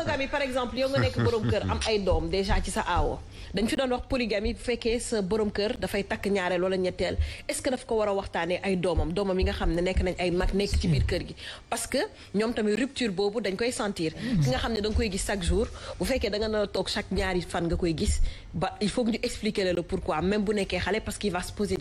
monogamie par exemple yow nga nekk borom kër am ay doom déjà ci sa aawo dañ fi doon wax polygamie bu fekkee sa borom kër dafay takk ñaareel wala ñetteel est-ce que daf ko war a waxtaanee ay doomam doomam yi nga xam ne nekk nañ ay mag nekk ci biir kër gi parce que ñoom tamit rupture boobu dañ koy sentir ki nga xam ne da koy gis chaque jour bu fekkee da nga na toog chaque ñaari fan nga koy gis ba il faut que ñu expliquer la le pourquoi même bu nekkee xale parce qu'il va se poser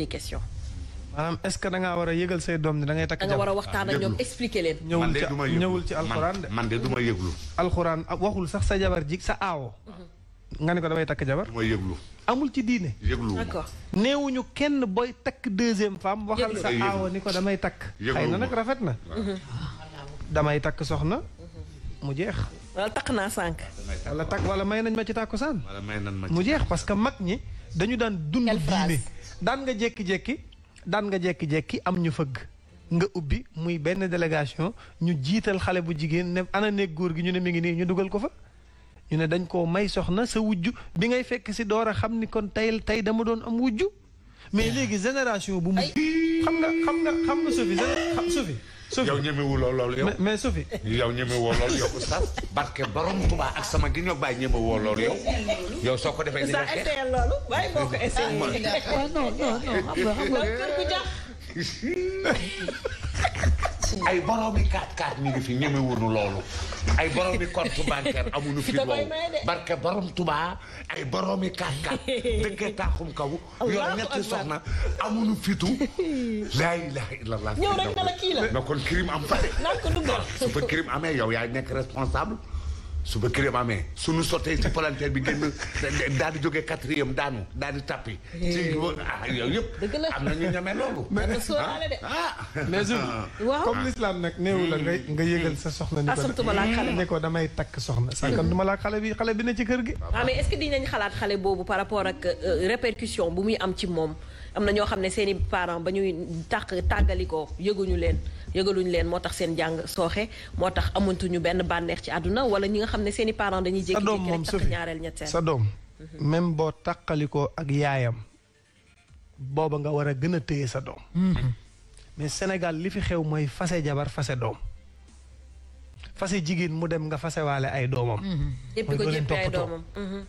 maanaam est-ce que da war a yëgal say doom ni da ngay takk jabar da nga war a waxtaan ak ah, ñoom expliquer leen. ñëwul ci ñëwul ci alxuraan de man de du ma yëglu. alxuraan ah, waxul sax sa jabar jig sa aawo. nga ne ko damay takk jabar. du ma amul ci diine. yëglu neewuñu kenn booy takk deuxième femme. waxal sa aawo ni ko damay takk. xëy na nag rafet na. damay takk soxna. mu jeex. wala takk naa sànq. wala takk wala may nañ ma ci tàkkusaan. wala may nañ ma mu jeex parce que mag ñi dañu daan dund diine daan nga jékki-jékki daan nga jekki-jekki am ñu fëgg nga ubbi muy benn délégation ñu jiital xale bu jigéen ne ana néeg góor gi ñu ne mi ngi nii ñu dugal ko fa ñu ne dañ koo may soxna sa wujj bi ngay fekk si door a xam ni kon tey tey dama doon am wujj mais léegi génération bu mu xam nga xam nga xam nga Sophie Sophie Sophie yow ñeme wu lool lool yow. mais mais Sophie. yow ñeme woo lool yow oustaz. barke borom Tuubaa ak sama gi ñoo bàyyi ñeme woo lool yow. yow soo ko defee ni nga xeex sa loolu waaye boo ko essayé. Ah, ah, non non non xam nga xam nga. ay boroomi 4-4 ñu ngi fi ñeme wuñu loolu ay boroomi compte bancaire amuñu fi loolu barke borom Tuubaa ay boroomi 4-4 dëkkee taaxum kaw yor ñetti soxna amuñu fitu laa ilaaha illallaah ñëw rek na la kii la na kon crime am pare su fa crime amee yow yaay nekk responsable su ba crème amee suñu sottee ci palanteer bi génn daal di jóge jógee quatrième daanu daal di tàppi eh. ci ah yow yëpp am na ñu ñamee loolu mais ah, ah. comme l'islam nag néewu la nga nga yëgal sa soxna ni ko damay takk soxna sànkan mm-hmm. duma laa xale bi xale bi na ci kër gi waaw ah, mais est-ce xalaat xale boobu par rapport ak euh, répercussion bu muy am ci moom am na ñoo xam ne seen i parents ba ñuy tàq tàggali ko yëguñu leen yëgaluñu leen moo tax seen jàng sooxee moo tax amantuñu benn bànneex ci àdduna wala ñi nga xam ne seeni parent parents dañuy jékki-jékki rek takk ñaareel ñetteel sa doom même boo tàqalikoo ak yaayam booba nga war a gën a téye sa doom hmm. mais Sénégal li fi xew mooy fase jabar fase doom fase jigéen mu dem nga fasewaale ay doomam hmm. mooy doo leen hmm.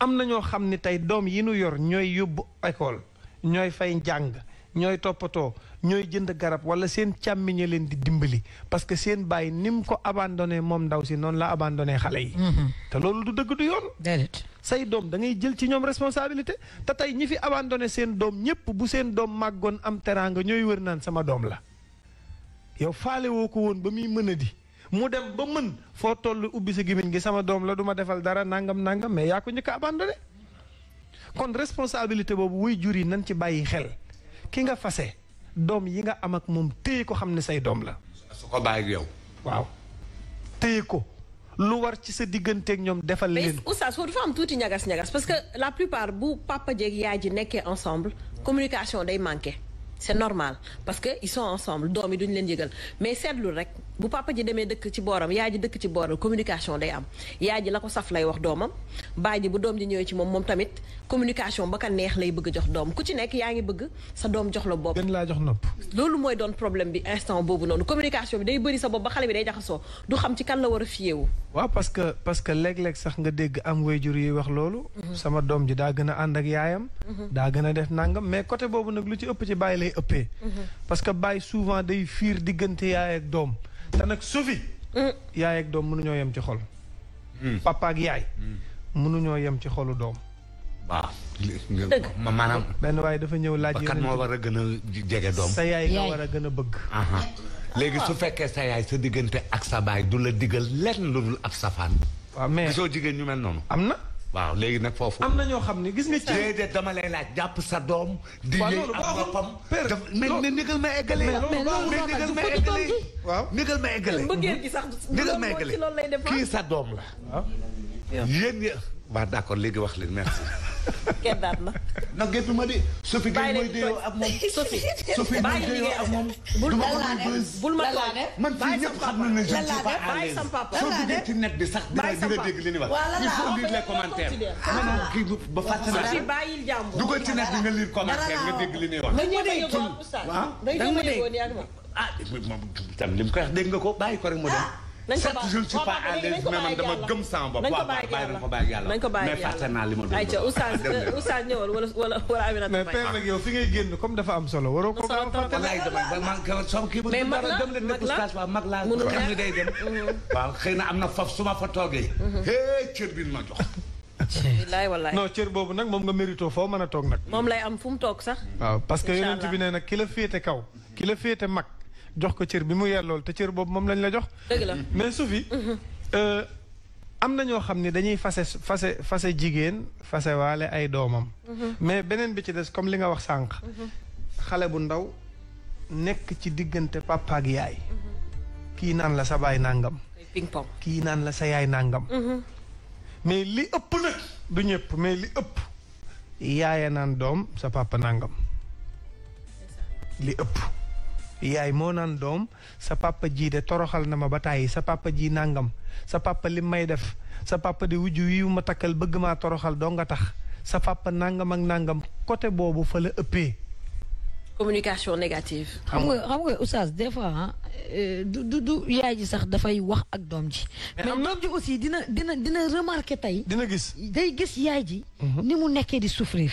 am na ñoo xam ne tey doom yi nu yor ñooy yóbbu école ñooy fay njàng ñooy toppatoo ñooy jënd garab wala seen càmmiñe leen di dimbali parce que seen bàyyi ni mu ko abandonné moom ndaw si noonu la abandonné xale yi. Mm-hmm. te loolu du dëgg du yoon. déedéet say doom da ngay jël ci ñoom responsabilité te tey ñi fi abandonné seen doom ñëpp bu seen doom màggoon am teraanga ñooy wër naan sama doom la. yow faale woo ko woon ba muy mën a di mu dem ba mën foo toll ubbi sa gémmiñ gi sama doom la duma defal dara nangam nangam mais yaa ko njëkk a abandonné kon responsabilité boobu wuy jur yi nañ ci bàyyi xel. ki nga fase doom yi nga am ak moom téye ko xam ne say doom la. su ko yow. waaw téye ko. lu war ci sa digganteeg ñoom defal leen. mais foofu dafa am tuuti ñagas ñagas parce que la plupart bu papa jeeg yaay ji nekkee ensemble communication day manqué. c'est normal parce que ils sont ensemble doom yi duñu leen yëgal mais seetlu rek bu papa ji demee dëkk ci booram yaay ji dëkk ci booram communication day am yaay ji la ko saf lay wax doomam baay ji bu doom ji ñëwee ci moom moom ba ka neex lay bëgg jox doom ku ci nekk yaa ngi bëgg sa doom jox la bopp. gën laa jox nopp. loolu mooy doon problème bi instant boobu noonu communication bi day bëri sa bopp ba xale bi a fiyewu. parce que parce que léeg-léeg sax nga dégg am wayjur yi wax loolu. Mhm. sama doom ji daa gën a ànd ak yaayam. Mhm. daa gën a def nangam mais côté boobu nag lu ci ëpp ci bàyyi lay ëppee. parce que bàyyi souvent day fiir diggante yaay doom te nag yaay ak doom mënuñoo yem ci xol. Hmm. papa ak hmm. yem ci xolu doom. waaw maanaam. benn waaye dafa ñëw laaj kan moo war a gën a jege doom. sa yaay nga war a gën a bëgg. léegi su fekkee sa yaay sa diggante ak sa baay du la digal lenn lu dul ab safaan. waaw mais gisoo jigéen ñu mel noonu. am na. waaw léegi nag foofu. am na ñoo xam ne gis nga ci. déedéet dama lay laaj jàpp sa doom. di yëy ak boppam. père non mais ndigal ma eggalee. mais loolu ndigal ma kii sa doom la. yéen yéen waaw d'accord léegi wax leen merci. kebbaab ma. ndax gerte ma de. Sophie Gueye mooy déyoo ak moom Sophie. Sophie mooy déyoo ak moom. bul ma bul ma man fii ñëpp xam nañ ne je ne suis pas à l'aise. soo duggee ci net bi sax dina dina dégg li ni wax. il faut lire les commentaires. maanaam kii ba fàtte naa la. dugal ci net bi nga lire commentaire nga dégg li ni wax. ah danga ma dégg ah moom tam li mu koy wax dégg nga ko bàyyi ko rek mu dem. Ah. nañ ko bàyyi je ne suis pas à l'aise mais man dama gëm sama bopp. nañ ko bàyyi yàlla nañ ko bàyyi yàlla nañ ko bàyyi yàlla mais fàtte naa li ma doon. ayca oustaz oustaz ñëwal wala wala wala Aminata Mbaye. mais père nag yow fi ngay génn comme dafa am solo waroo ko gaaw a fàtte. walaay dama man sama kii bu ñu dara dem leen nekk oustaz waaw mag laa xam ne day dem. Mhm. waaw xëy na am na faf su ma fa toogee. Mhm. hee cër bi ma jox. wallaay wallaay non cër boobu nag moom nga mérito foo mën a toog nag. moom lay am fu mu toog sax. waaw parce que yonent bi nee nag ki la féete kaw ki la féete mag jox ko cër bi mu yellool te cër boobu moom lañ la jox. dëgg la mais Sophie. Mhm. Euh, am na ñoo xam ne dañuy fase fase fase jigéen fase waale ay doomam. Mhm. mais beneen bi ci des comme li nga wax sànq. Mhm. xale bu ndaw nekk ci diggante papa ak yaay. kii naan la sa baay nangam. ping kii naan la sa yaay nangam. mais li ëpp nag du ñëpp mais li ëpp. yaaya naan doom sa papa nangam. li ëpp. yaay moo naan doom sa papa ji de toroxal na ma ba tàyyi sa papa ji nangam sa papa lim may def sa papa di wujju wi ma takkal bëgg maa toroxal doo nga tax sa papa nangam ak nangam côté boobu fa la ëppee. communication négative. xam nga xam nga oustaz des fois ah, euh, du du du yaay ji sax dafay wax ak doom ji. mais doom ji aussi dina dina dina remarquer tey. dina gis day gis yaay ji. Mhm. ni mu nekkee di souffrir.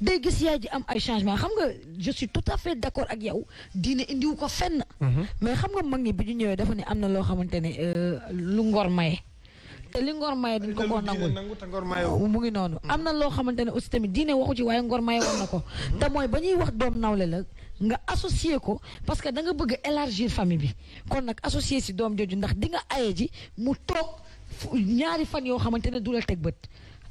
day gis yaay ji am ay changement xam nga je suis tout à fait d'accord ak yow diine indiwu ko fenn. Mhm. mais xam nga mag ñi bi ñu ñëwee dafa ne am na loo xamante ne euh, lu ngor maye. te li ngor maye duñ ko koo nangul mu ngi noonu am na loo xamante aussi tamit diine waxu ci waaye ngor maye woon na ko mhm. te mooy ba ñuy wax doom nawle la nga associé ko parce que da nga bëgg élargir famille bi kon nag associé si doom jooju ndax di nga aye ji mu toog ñaari fan yoo xamante ne du la teg bët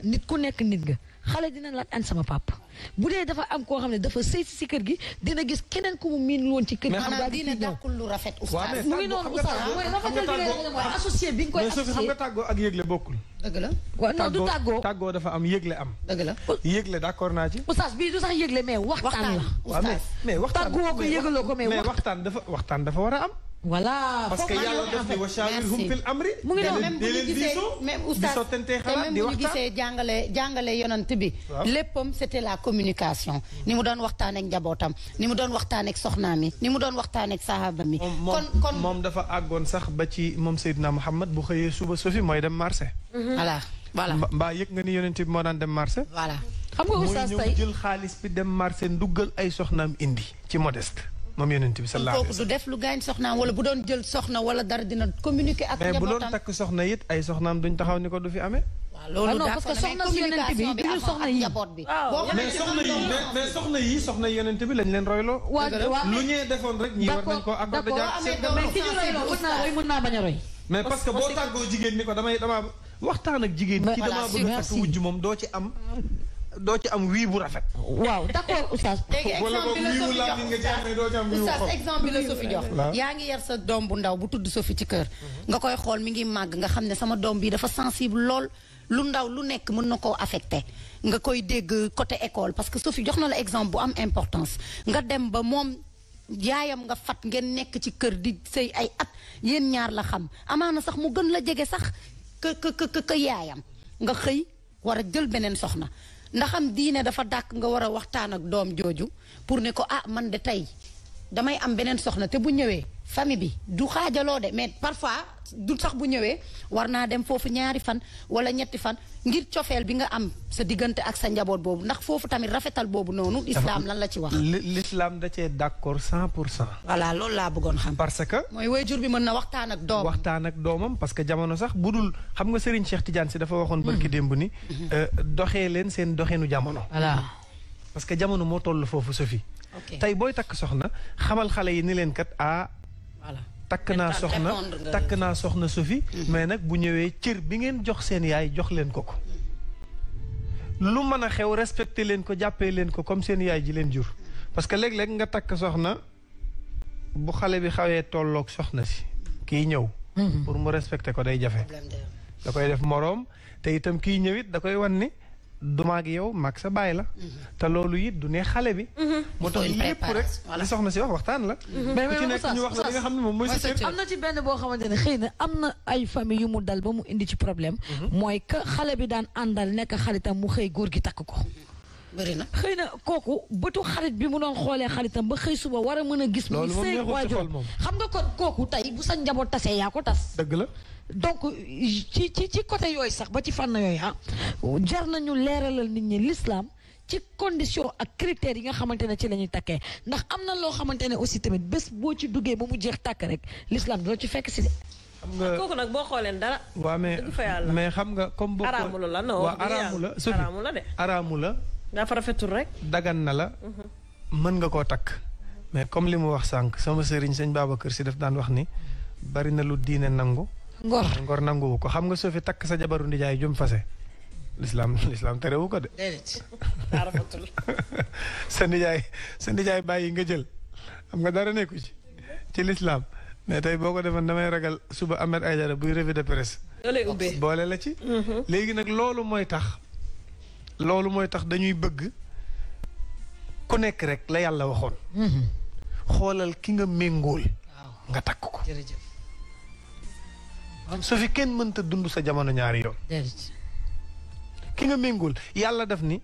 nit ku nekk nit nga xale dina laaj an sama papa bu dee dafa am koo xam ne dafa sëy si kër gi dina gis keneen ku mu miin woon ci kër gi. maanaam diine dàqul lu rafet oustaz. mu ngi noonu oustaz mooy rafetal bi nga xam mooy associé bi nga koy associé. mais xam nga tàggoo ak yëgle bokkul. dëgg la waaw non du tàggoo tàggoo dafa am yëgle am. dëgg la yëgle d'accord naa ci. oustaz bii du sax yëgle mais waxtaan la. waxtaan waaw mais mais waxtaan. tàggoo ko yëgaloo ko mais waxtaan dafa waxtaan dafa war a am. voilà parce que yàlla def ni wa shaawirhum mu ngi doon même bu ñu gisee même oustaz te même bu ñu gisee jàngale jàngale yonant bi léppam c'était la communication ni mu doon waxtaan ak njabootam ni mu doon waxtaan ak soxnaam yi ni mu doon waxtaan ak sahaba mi kon kon moom dafa àggoon sax ba ci moom Seydina Muhammad bu xëyee suba sofi mooy dem marché mhm. voilà voilà mbaa yëg nga ni yonent bi moo daan dem marché voilà xam nga oustaz ñëw jël xaalis bi dem marché nduggal ay soxnaam indi ci modeste moom yonent bi sallallahu alayhi wa sallam du def lu gaañ soxnaam wala bu doon jël soxna wala dara dina communiquer ak njabootam mais bu doon takk soxna it ay soxnaam taxaw ni ko du fi amee. loolu ah parce que soxna si yonent bi yi ah, soxna yi mais soxna yi soxna yonent bi lañ leen royloo. lu ñee defoon rek ñii war nañ koo accorder jaar ah, seen mais ki ñu royloo mën naa a mais parce que boo tàggoo jigéen ni ko damay damaa waxtaan ak jigéen ki damaa bëgg a moom doo ci am doo ci am wii bu rafet. waaw d'accord oustaz. léegi exemple la Sophie jox yaa ngi yar sa doom bu ndaw bu tudd Sophie ci kër. Mhm. nga koy xool mi ngi màgg nga xam ne sama doom bi dafa sensible lool lu ndaw lu nekk mën na koo affecté. nga koy dégg côté école parce que fi jox na la exemple bu am importance nga dem ba moom. yaayam nga fat ngeen nekk ci kër di sëy ay at yéen ñaar la xam amaana sax mu gën la jege sax ka ka ka yaayam nga xëy war a jël beneen soxna ndaxam diine dafa dàkk nga war a waxtaan ak doom jooju pour ne ko ah man de tey damay am beneen soxna te bu ñëwee famille bi du xaajaloo de mais parfois du sax bu ñëwee war naa dem foofu ñaari fan wala ñetti fan ngir cofeel bi nga am sa diggante ak sa njaboot boobu ndax foofu tamit rafetal boobu noonu. islam lan la ci wax. l'islam da cee d'accord cent pour cent. voilà loolu laa bëggoon xam. parce que mooy waajur bi mën na waxtaan ak waxtaan ak doomam parce que jamono sax bu dul xam nga Serigne Cheikh Tidiane si dafa waxoon. barki hmm. démb ni hmm. euh, doxee leen seen doxeenu jamono. voilà parce que jamono moo toll foofu sofi tey booy takk soxna xamal xale yi ni leen kat ah. takk naa soxna takk naa soxna Sophie mhm. mais nag bu ñëwee cir bi ngeen jox seen yaay jox leen ko ko. lu mën a xew respecté leen ko jàppee leen ko comme seen yaay ji leen jur. parce que léeg-léeg nga takk soxna bu xale bi xawee tolloog soxna si kiy ñëw. Mhm. pour mu respecté ko day jafe. da koy def moroom te itam kiy ñëwit da koy wan ni duma ak yow mag sa baay la. Mm-hmm. te loolu it du ne xale bi. Mm-hmm. moo tax yépp soxna si wax waxtaan la. mais mm-hmm. ku ci nekk ñu wax la li nga xam ne moom mooy sa cër. am na ci benn boo xamante ne xëy na am na ay famille yu mu dal ba mu indi ci problème. mooy que xale bi daan àndal nekk xaritam mu xëy góor gi takk ko. bëri na xëy na kooku bëtu xarit bi mu doon xoolee xaritam ba xëy suba war a mën a gis. loolu moom xam nga ko kooku tey bu sa njaboot tasee yaa ko tas. dëgg la. donc ci ci ci côté yooyu sax ba ci fànna yooyu ah jar nañu leeralal nit ñi lislaam ci condition ak critères yi nga xamante ne ci la ñuy takkee ndax am na loo xamante ne aussi tamit bés boo ci duggee ba mu jeex takk rek l'islam dala ci fekk si de. nga ah, kooku nag boo xooleen dara. waaw mais mais xam nga comme. araamu la la waa araamu la araamu la de. araamu la. dafa rafetul rek. dagan na la. Mhm. mën nga koo takk. mais comme li mu wax sànq sama sëriñ sëñ kër si daf daan wax ni bari na lu diine nangu. ngor ngor nanguwu ko xam nga soo fi takk sa jabaru ndijaay jum fase lislaam lislaam terewu ko de sa nijaay sa nijaay bàyyi nga jël xam nga dara nekku ci ci lislaam mais tey boo ko defoon damay ragal suba ay Aïdara buy revue de presse boole la ci mm-hmm. léegi nag loolu mooy tax loolu mooy tax dañuy bëgg ku nekk rek la yàlla waxoon mm-hmm. xoolal ki nga méngool nga takk ko su fi kenn mënta dund sa jamono ñaari yoon ki nga méngul yàlla def ni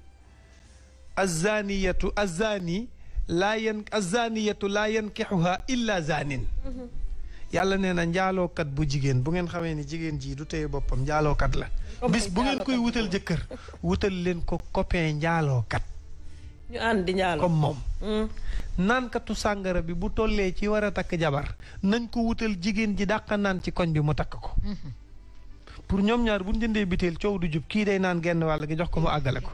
azzaaniyatu azzaani laa yan azzaaniyatu laa yankixuha illa zaanin yàlla nee na njaalookat bu jigéen bu ngeen xamee ni jigéen jii du teye boppam njaalookat la bis bu ngeen koy wutal jëkkër wutal leen ko copain njaalookat ñu ànd di comme moom. Hmm. naankatu sàngara bi bu tollee ci war a takk jabar nañ ko wutal jigéen ji dàq naan ci koñ bi mu takk ko. Mm-hmm. pour ñoom ñaar bu ñu jëndee biteel coow du jub kii day naan genn wàll gi jox ko mu àggale ko.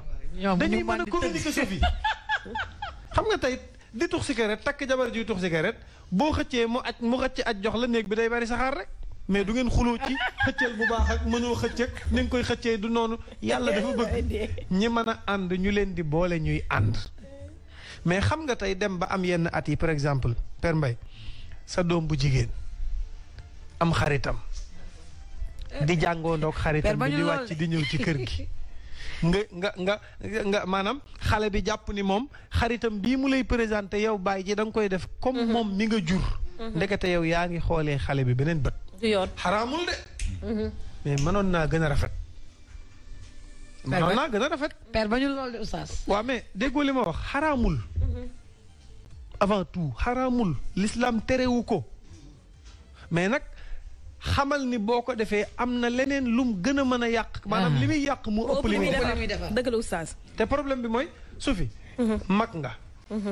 dañuy mën a communiquer Sophie xam nga tey di tux cigarette takk jabar jiy tux cigarette boo xëccee mu aj mu xëcc aj jox la néeg bi day bari saxaar rek. mais du ngeen xuloo ci xëccal bu baax ak mënoo xëccëg ni nga koy xëccee du noonu yàlla dafa bëgg ñi mën a ànd ñu leen di boole ñuy ànd mais xam nga tey dem ba am yenn at yi par exemple Père Mbaye sa doom bu jigéen am xaritam di jàngoo ndoog xaritam bi di wàcc di ñëw ci kër gi nga nga nga nga maanaam xale bi jàpp ni moom xaritam bii mu lay présenté yow bàyyi ji da nga koy def comme mm-hmm. moom mi nga jur mm-hmm. ndekete yow yaa ngi xoolee xale bi beneen bët du xaraamul de. Mm-hmm. mais mënoon naa gën a rafet. mënoon naa gën a rafet. père ba ñu lool de oustaz. waaw mais déggoo li ma wax xaraamul. Mm-hmm. avant tout xaramul l'islam terewu ko mais nag xamal ni boo ko defee am na leneen lum gën a mën a yàq. maanaam ah. li muy yàq mu ëpp li muy defar dëgg la oustaz. te problème bi mooy su fi. Mm-hmm. mag nga.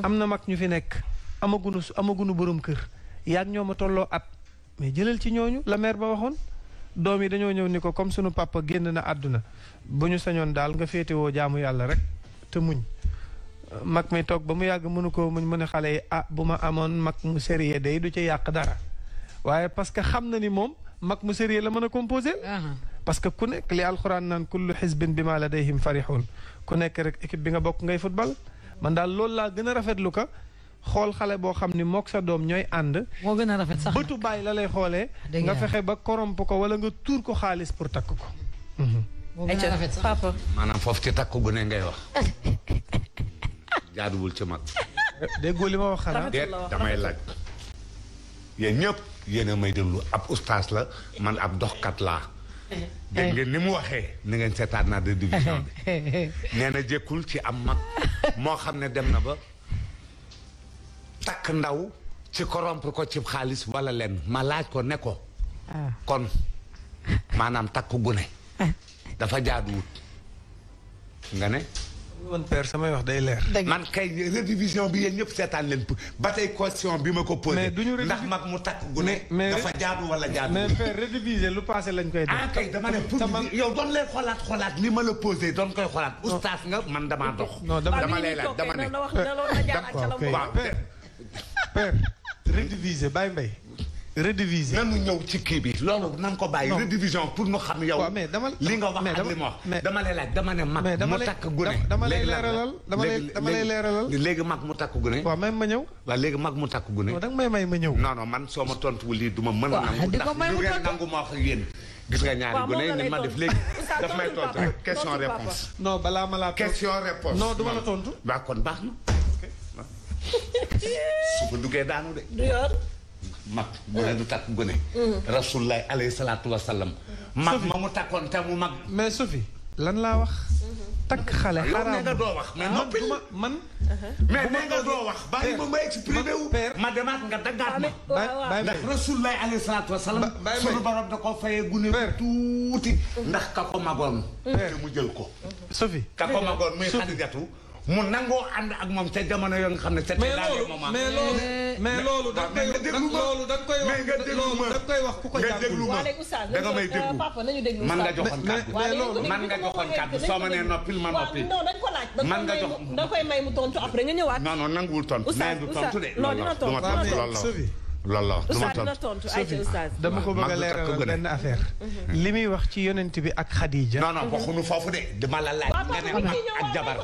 am na mag ñu fi nekk. amagunu amagunu borom kër. yaa ñoo ma tolloo at. mais jëlal ci ñooñu la maire ba waxoon doom yi dañoo ñëw ni ko comme sunu papa génn na àdduna bu ñu sañoon daal nga woo jaamu yàlla rek te muñ mag mi toog ba mu yàgg mënu ko muñ mu ne xale yi ah bu ma amoon mag mu sérieux day du ci yàq dara waaye parce que xam na ni moom mag mu sérieux la mën a composé uh-huh. parce que ku nekk li alxuraan naan kullu xisbin bi ma ladayhim farixuun ku nekk rek équipe bi nga bokk ngay football man daal loolu laa gën a rafetlu ko xool xale boo xam ni mook sa doom ñooy ànd. moo gën a rafet sax bëtu bàyyi la lay xoolee. Ah, nga fexe ba corrompe ko wala nga tuur ko xaalis pour takk ko. Mhm. moo gën a rafet sax maanaam foofu ci takk gu ne ngay wax jaaduwul ci mag. déggoo li ma wax xanaa déet damay laaj. yéen ñëpp yéen a may déglu ab ustaas la man ab doxkat la dégg ngeen ni mu waxee ni ngeen seetaan naa de division bi nee na jékkul ci am mag moo xam ne dem na ba. takk ndaw ci corrompre ko ci xaalis wala leen ma laaj ko ne ko ah. kon maanaam takk gune dafa jaadu jaaduwut nga ne woon père samay wax day leer man kay rédivision bi yéen ñëpp seetaan leen ba tey question bi ma ko posé ndax mag mu takk gune dafa jaadu wala jaadu mais père rédiviser lu passé koy def ah kay dama ne pour yow doon leen xoolaat xolaat ni ma la posé doon koy xoolaat oustaz nga man damaa dox dama lay laaj dama ne waaw père rediviser bàyyi mbay. na nanu ñëw ci kii bi loolu nan ko bàyyi. redivision pour nu xam yow. li nga wax li ma wax. dama lay laaj dama ne mag mu takk gune. dama lay leeralal dama lay dama lay leeralal. léegi mag mu takk gune. waaw may ma ñëw. waaw léegi mag mu takk gune. non danga may may ma ñëw. non man soo ma tontuwul lii du ma mën a. nangu ndax du ngeen nangu ma wax ak yéen. gis nga ñaari gune yi ni ma def léegi. daf may tontu rek question réponse. non balaa ma laa tontu question réponse. non du ma la tontu. waaw kon baax na. su fa duggee daanu de. du yor. mag bu ne du takk gone. Mm. rasulilah aleyhi salaatu wa salaam. mag ma mu takkoon te mu mag. mais Sophie lan laa wax. Mm-hmm. takk xale ah, xaraam yow nga doo wax. mais ah, noppi man uh-huh. mais nee nga doo wax. bàyyi ma ma exprimé wu. ma demaat nga daggaat ma. bàyyi ndax rasulilah aleyhi salaatu wa salaam. bàyyi sunu borom da ko fayee gune tuuti. Mm-hmm. ndax ka ko magoon. te mu jël ko. Sophie ka ko magoon muy xadijatu mu nangoo ànd ak moom ca jamono yoo nga xam ne. c'était dans les moments mais loolu mais loolu loolu da koy wax da koy wax ku ko jàppul. waaw léegi oustaz da nga may euh, déglu papa nañu déglu man nga joxoon kàddu. man nga joxoon kàddu soo ma nee noppil ma noppi. non dañ ko laaj man nga jox da koy may mu tontu après nga ñëwaat. non non nanguwul tontu. oustaz oustaz non dina tontu loolu la lan la dama tontu dama ko bëgg a leeral benn affaire. Hmm. li muy wax ci yonent bi ak Khadija. non non mhm. waxuñu foofu de dama la laaj. nga ne ak jabar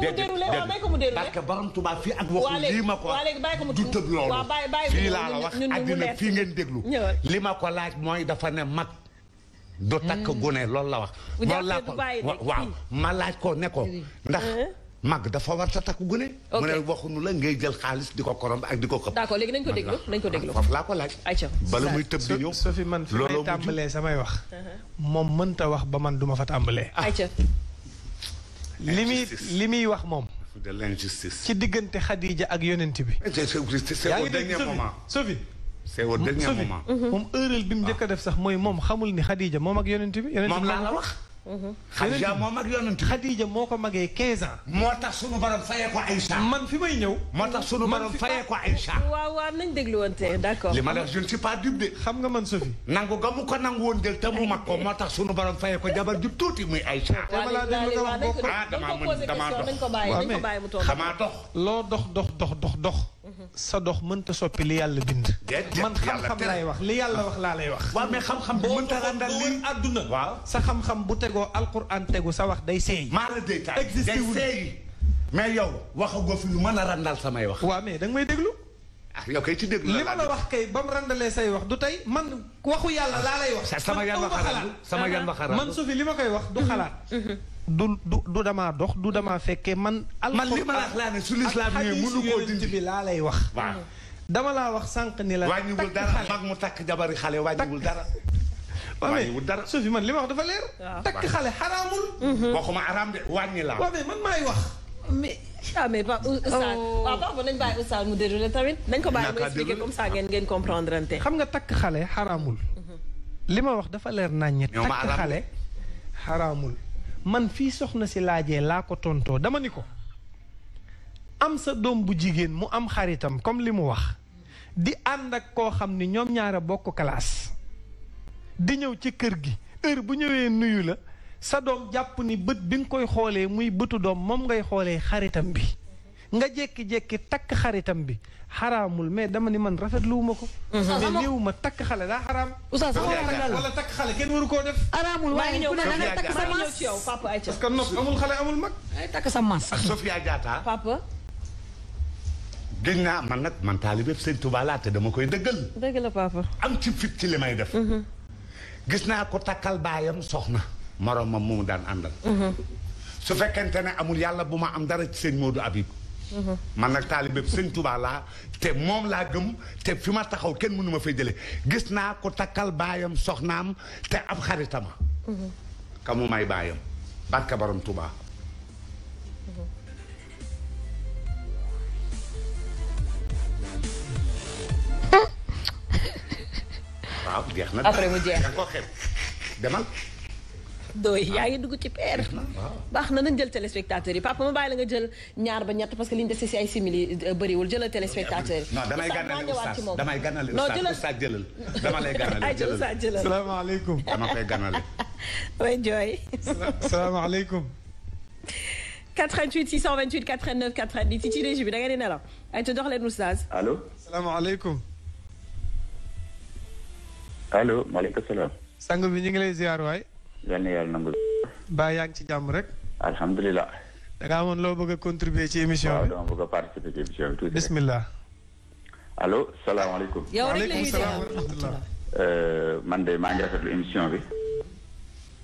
déedéet parce que fii ak waxu ma ko. du tëb loolu fii laa la wax àddina fii ngeen déglu. li ma ko laaj mooy dafa ne mag. du takk hmm. gune loolu la wax. loolu laa ko waaw ma laaj ko ne ndax. màgg dafa war sa takku gune. ok mu ne waxuñu la ngay jël xaalis di ko korom ak di ko xëpp. d'accord léegi nañ ko déglu nañ ko déglu foofu laa laaj. ayca bala muy tëb di ñëw. soo fi man fi may tàmbalee samay wax. Uh-huh. moom mënta wax ba man duma fa tàmbalee. ayca. Ah. li muy li muy wax moom. de l'injustice. ci diggante Khadija ak yonent bi. Eh, yaa ngi dégg Sophie c'est au dernier moment. moom heure bi mu njëkk def sax mooy moom xamul ni Khadija moom ak yonent bi. moom laa la wax xadija moo mag yonent xadija moo ko magee 15 ans. moo tax sunu borom fayee ko Aïcha. man fi may ñëw. moo tax sunu borom fayee ko Aïcha. waaw waaw nañ déglu woon tey d'accord. li ma la je xam nga man Sophie. nangu nga mu ko nangu woon jël te mu mag ko moo tax sunu borom fayee ko jabar ju tuuti muy Aïcha. dama laa déglu nga wax boo ko ah damaa mën damaa dox. waaw mais damaa dox. loo dox dox dox dox dox. sa dox mënta soppi li yàlla bind. man xam-xam laay wax li yàlla wax laa lay wax. waaw mais xam-xam boo mënta àndal li àdduna. waaw sa xam-xam bu tegoo alquran tegu sa wax day seey. maa la day seey. mais yow waxagoo fi lu mën a randal samay wax. waaw mais da nga may déglu. ah yow kay ci li ma la wax kay ba mu say wax du tey man waxu yàlla laa lay wax. Ah, sama yan wax xalaat sama yan wax xalaat man su li ma koy wax du mhm. xalaat. Mhm. du du du damaa dox du damaa fekkee man. man li ma la wax laa ne su lislaam ñëwee mënu koo dindi bi laa lay wax. dama la wax sànq ni la. wàññiwul dara mag mu takk jabari xale wàññiwul dara. wàññiwul dara su fi man li ma wax leer. takk xale xaraamul. Mhm. waxuma araam de wàññi laa. waaw mais wax ah, euh, oh. ah mu déroulé tamit nañ ko bàyyi mu ngeen ngeen comprendre ante xam nga takk xale xaraamul mhm. li ma wax dafa leer naññe takk xale xaraamul man fii soxna si laajee laa ko tontoo dama ni ko am sa doom bu jigéen mu am xaritam comme li mu wax di ànd ak koo xam ni ñoom ñaara bokk classe di ñëw ci kër gi heure bu ñëwee nuyu la sa doom jàpp ni bët bi nga koy xoolee muy bëtu doom moom ngay xoolee xaritam bi nga jékki-jékki takk xaritam bi xaraamul mais dama ni man rafetluwuma ko. mais néew ma takk xale daa xaraam. oustaz takk xale kenn waru koo def. xaraamul waaye ku ne da nga takk sa mas yow papa amul xale amul takk sa mas. ak Sofia Diatta. naa man nag man taalibe Sëñ Tuubaa dama koy dëggal. dëgg am ci fit ci li may def. Mhm. gis naa ko takkal baayam soxna. moromam mu daan àndal. Mhm. su fekkente ne amul yàlla bu ma am dara ci sëñ Modou Habib. Mhm. man nag taalibe sëñ Touba laa te moom laa te fi ma taxaw kenn mënu ma fi jëlee gis naa ko takkal baayam soxnaam te ab xaritama. Mhm. ka mu may baayam barka tuba Touba. waaw jeex na. après mu jeex ko xeeb doy ah. yaa ngi dugg ci peer baax na nañ jël téléspectateurs yi papa ma bàyyi la nga jël ñaar ba ñett parce que li ñu dese si ay simili euh, bëriwul jëlal téléspectateurs yi non damay gànnale oustaz damay gànnale oustaz jëlal dama lay gànnale ay jël oustaz jëlal salaamaaleykum dama koy gànnale way jooy salaamaaleykum 88 628 89 90 ci ci régie bi da nga di nelaw ay te dox leen oustaz allo salaamaaleykum allo maaleykum salaam sang bi ñu ngi lay ziar waay yal na yàlla nangu. baa yaa ngi ci jàmm rek. alhamdulilah. da ngaa loo bëgg a contribuer ci émission bi. waaw dama bëgg a participer ci émission bi tuuti. bisimilah. allo salaamaaleykum. Euh, man de maa ngi rafetlu émission bi.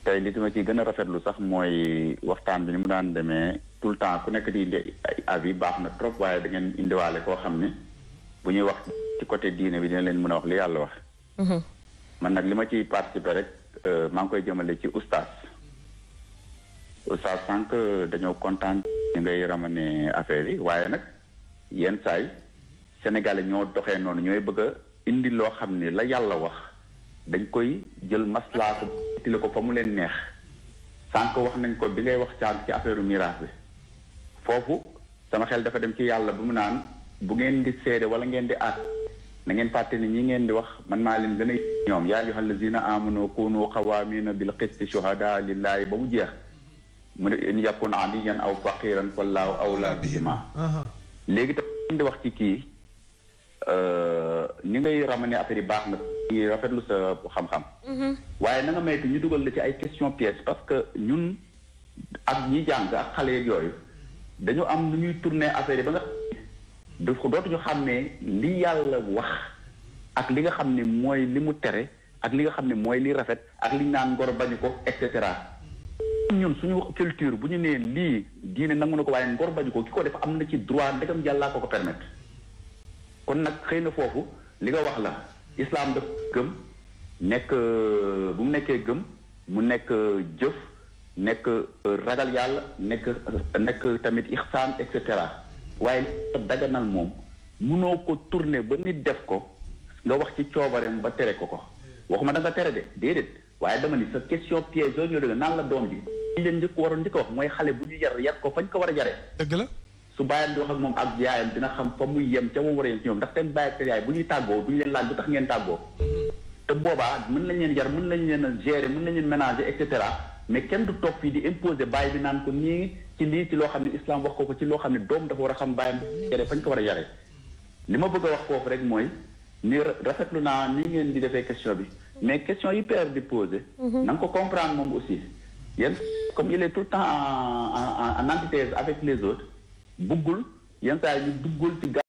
tey li ma ciy gën a rafetlu sax mooy waxtaan bi ni mu daan demee tout le temps ku nekk di indi ay avis baax na trop waaye da ngeen indiwaale koo xam ne bu ñuy wax ci côté diine bi dina leen mën a wax li yàlla wax. Mhm. man nag li ma ciy participer rek. Euh, maa ngi koy jëmale ci oustaz oustaz sànq dañoo kontaan ñu ngay ramener affaire yi waaye nag yenn saay sénégalais ñoo doxe noonu ñooy bëgg a indi loo xam ne la yàlla wax dañ koy jël maslaa ko ko fa mu leen neex sànq wax nañ ko bi ngay wax caan ci affaire miraas bi foofu sama xel dafa dem ci yàlla bu mu naan bu ngeen di seede wala ngeen di aat na ngeen fàtte ni ñi ngeen di wax man naa leen gën a ñoom yaa ayyuhal lazina amanu kunu qawamina bil qisti shuhada lillahi ba mu jeex mu ne in yakun aniyan aw faqiran laa awla bihima léegi tam ngeen di wax ci kii euh, ni ngay ramener affaire yi baax na ñu rafetlu sa xam-xam mhm. waaye na nga may ñu dugal la ci ay question piège parce que ñun ak ñi jàng ak xale yooyu dañu am nu ñuy tourner affaire yi ba nga dafa dootuñu xam ne li yàlla wax ak li nga xam ne mooy li mu tere ak li nga xam ne mooy li rafet ak li naan ngor bañu ko et cetera. ñun suñu culture bu ñu nee lii diine nangu na ko waaye ngor bañu ko ki ko def am na ci droit ndegam yàllaa ko ko permettre kon nag xëy na foofu li nga wax la islaam daf gëm nekk euh, bu mu nekkee gëm mu nekk euh, jëf nekk euh, ragal yàlla nekk nekk tamit ixsaan et cetera. waaye li nal moom munoo ko tourner ba nit def ko nga wax ci coobareem ba tere ko ko waxuma da nga tere de déedéet waaye dama ni sa question piège yooyu ñoo dëgg naan la doom bi li leen njëkk waroon di ko wax mooy xale bu ñu yar yar ko fañ ko war a yaree dëgg la su bàyyam di wax ak moom ak yaayam dina xam fa mu yem ca ma war a yem ñoom ndax seen bàyyi ak seen bu ñuy tàggoo bu ñu leen laaj bu tax ngeen tàggoo te boobaa mën nañ leen yar mën nañ leen gérer mën nañ leen ménager cetera mais kenn du toog fii di imposer bàyyi bi naan ko nii ci lii ci loo xam ne islam wax ko ci loo xam ne doom dafa war a xam bàyyam yare fañ ko war a yare li ma bëgg a wax foofu rek mooy ni rafetlu naa ni ngeen di defee question bi mais question yi père di posé mhm. na ko comprendre moom aussi yéen comme il est tout le temps en en avec les autres buggul yenn saa yi ñu duggul ci